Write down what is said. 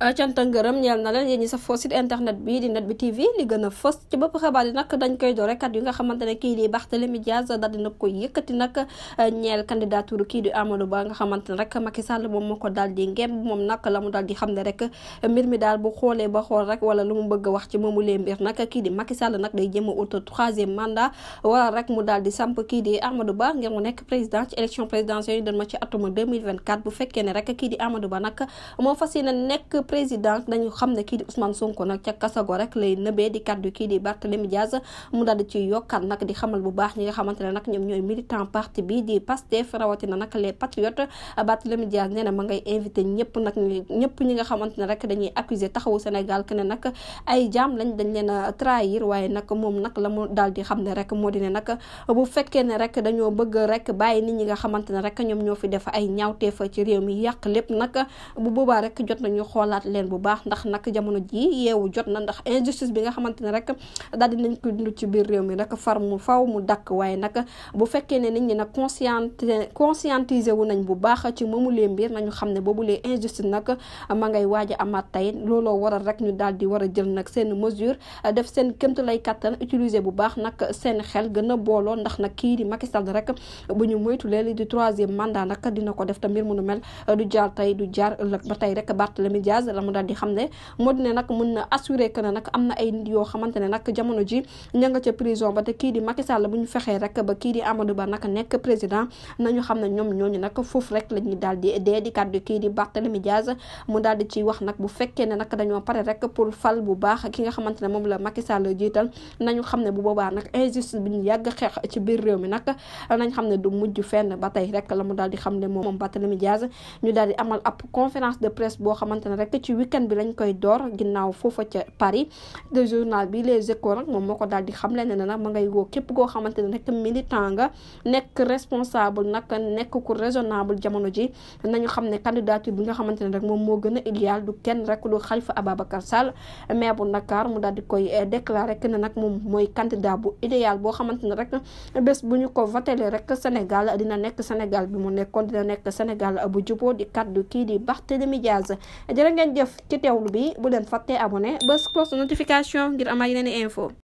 Euh, canta ngërëm ñeel na leen yéen sa foo internet bi di net bi tv li gën a fës ci bopp xabaar yi nag dañ koy doore kat yi nga xamante ne kii di Barthélémy Dias daal dina koy yëkkati nag euh, ñeel candidature kii di Amadou Ba nga xamante ne rek Macky Sall moom moo ko daal di ngem moom nag la mu daal di xam ne rek mbir mi daal bu xoolee ba xool rek wala lu mu bëgg wax ci moomu lee mbir nag kii di Macky Sall nag day jëm a mu daal di samp kii di Amadou Ba ngir mu nekk président ci élection présidentielle yi dañ ma ci atuma 2024 bu nekk président dañu xam ne kii di Ousmane Sonko nag ca kasago rek lay nëbee di kaddu kii di Barthélémy Diaz mu daal di ci yokkaat nag di xamal bu baax ñi nga xamante ne nag ñoom ñooy militant parti bi di Pastef rawatina nag les patriotes Barthélémy Diaz nee ma ngay invité ñëpp nag ñëpp ñi nga xamante ne rek dañuy accuser taxawu Sénégal que ne nag ay jaam lañ dañ leen a trahir waaye nag moom nag la mu daal di xam ne rek moo di ne nag bu fekkee ne rek dañoo bëgg rek bàyyi nit ñi nga xamante ne rek ñoom ñoo fi def ay ñaawteef ci réew mi yàq lépp nag bu boobaa rek jot nañu xoolaat xoolaat leen bu baax ndax nag jamono ji yeewu jot na ndax injustice bi nga xamante ne rek daal nañ ko dund ci biir réew mi nag far mu faw mu dakk waaye nag bu fekkee ne nit ñi nag consciente conscientiser wu nañ bu baax ci moomulee mbir nañu xam ne boobu boobulee injustice nag ma ngay waaj a amaat tey looloo waral rek ñu daal di war a jël nag seen mesure def seen lay kattan utiliser bu baax nag seen xel gën a booloo ndax nag kii di Macky Sall rek bu ñu moytu leen di troisième mandat nag dina ko def te mbir mu nu mel passé la mu daal di xam ne moo di ne nag mën na assuré que ne nag am na ay nit yoo xamante ñu fexee di di dee di kàddu kii di Barthélémy Diaz mu daal di bu fekkee ne nag dañoo pare rek pour fal bu baax ki nga xamante ne moom la Macky Sall jiital nañu xam ne bu bi ñu mi nag nañ xam ne du mujj fenn ba tey rek la mu di xam ne moom Barthélémy Diaz ñu daal di amal ab conférence de presse boo xamante ne rek nag ci week-end bi lañ koy door ginnaaw foofa ca Paris le journal bi Les Échos nag moom moo ko daal di xam ne nag ma ngay woo képp koo xamante ne rek militant nga nekk responsable nag nekk ku raisonnable jamono ji nañu xam ne candidature bi nga xamante ne rek moom moo gën a du kenn rek du Khalifa Ababacar Sall maire bu Dakar mu daal di koy eh, déclaré que ne nag moom mooy candidat bu idéal boo xamante ne rek bés bu ñu ko votélee rek Sénégal dina nekk Sénégal bi mu nekkoon dina nekk Sénégal bu juboo di kaddu kii di Barthélémy Diaz jërë ngeen jërëjëf ci teewlu bi bu leen fàttee abonné bës cloche notification ngir amaat yeneen info